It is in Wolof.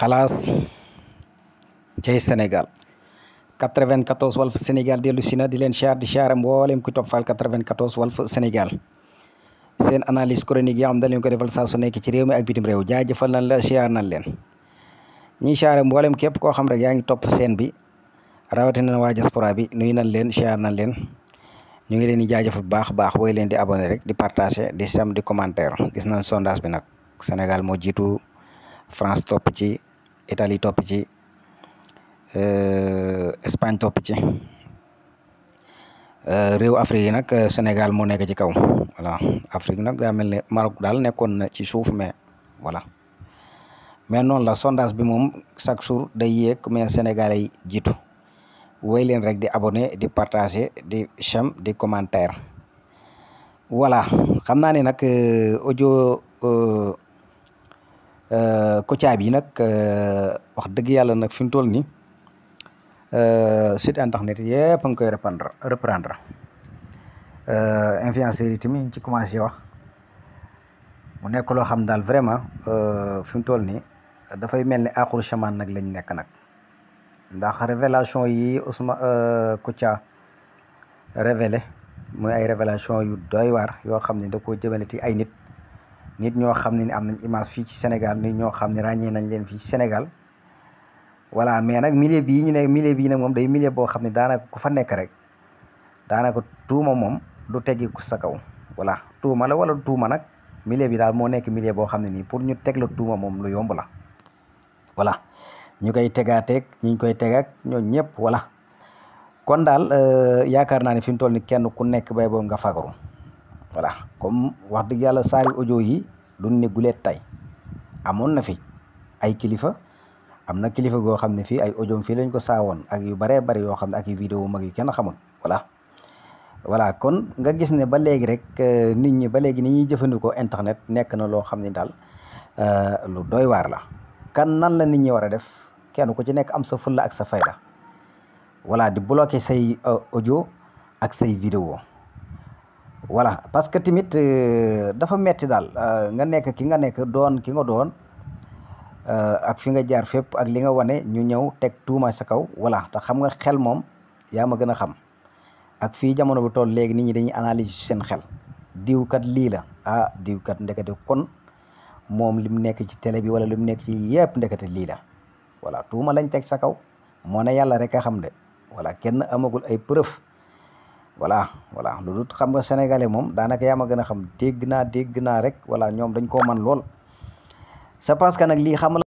xalaas cay Sénégal 94 Walf Sénégal dellu si na di leen siyaar di siyaare mboolem ku topp Fall 94 Walf Sénégal seen analyse chronique yi am da leen ko defal saa su nekk ci réew mi ak bitim réew jaajëfal nañ la siyaar nañ leen ñi siyaare mboolem képp koo xam rek yaa ngi topp seen bi rawatina waaja diaspora bi nuy nañ leen siyaar nañ leen ñu ngi leen di jaajëfal bu baax a baax booy leen di abonné rek di partager di sam di commentaire gis nañ sondage bi nag Sénégal moo jiitu France topp ci. Italie topp ci euh, Espagne topp ci euh, réew Afrique yi nag euh, Sénégal moo nekk ci kaw Afrique nag daa mel ne daal nekkoon na ci suuf mais voilà mais noonu la sondage bi moom chaque jour day yéeg mais Sénégalais yi jiitu woy leen rek di abonné di partager di cham di commentaire voilà xam naa ne nag Kouthia bi nag euh, wax dëgg yàlla nag fi mu toll nii euh, site internet yëpp a ngi koy reprendre reprendre euh, influenceurs yi tamit ñu ci commencé wax mu nekk loo xam daal vraiment fi mu toll nii dafay mel ni aaxuru chaman nag lañ nekk nag ndax révélation yi Ousmane Kouthia révélé muy ay révélation yu doy waar yoo xam ne da koo jëmale ci ay nit nit ñoo xam ne ni am nañ image fii ci Sénégal nit ñoo xam ne ràññee nañ leen fii ci Sénégal voilà mais nag milieu bii ñu ne milieu bii nag moom day milieu boo xam ne daanaka ku fa nekk rek daanaka tuuma moom du teggiku sa kaw voilà tuuma la wala tuuma nag milieu bi daal moo nekk milieu boo xam ne nii pour ñu teg la tuuma moom lu yomb la voilà ñu koy tegaateeg ñi koy tegak ñoo ñëpp wala kon daal euh, yaakaar naa ne fi mu toll ni kenn ku nekk bay boo nga fagaru voilà comme wax dëgg yàlla saari audio yi duñ ne guleet tey amoon na fi ay kilifa am na kilifa goo xam ne fii ay audio fii lañ ko saawoon ak yu baree bari yoo xam ne ak yu vidéo mag yu kenn xamul voilà voilà kon nga gis ne ba léegi rek euh, nit ñi ba léegi ni ñuy jëfandikoo internet nekk na loo xam ne daal euh, lu doy waar la kan nan la nit ñi war a def kenn ku ci nekk am sa fulla ak sa fayda voilà di bloquer say euh, audio ak say vidéo voilà parce que tamit euh, dafa metti daal euh, nga nekk ki nga nekk doon ki nga doon euh, ak fi nga jaar fépp ak li nga wane ñu ñëw teg tuuma sa kaw voilà te xam nga xel moom yaa ma gën a xam ak fii jamono bu tool léegi nit ñi dañuy analyse seen xel diwkat lii la ah diwkat ndekete kon moom lim nekk ci télé bi wala lim nekk ci yëpp ndekete lii la voilà tuuma lañ teg sa kaw moo ne yàlla rek a xam de voilà kenn amagul ay preuve voilà voilà lu xam nga sénégalais moom daanaka yaa ma gën a xam dégg naa dégg naa rek voilà ñoom dañ koo man lool c'est parce que nag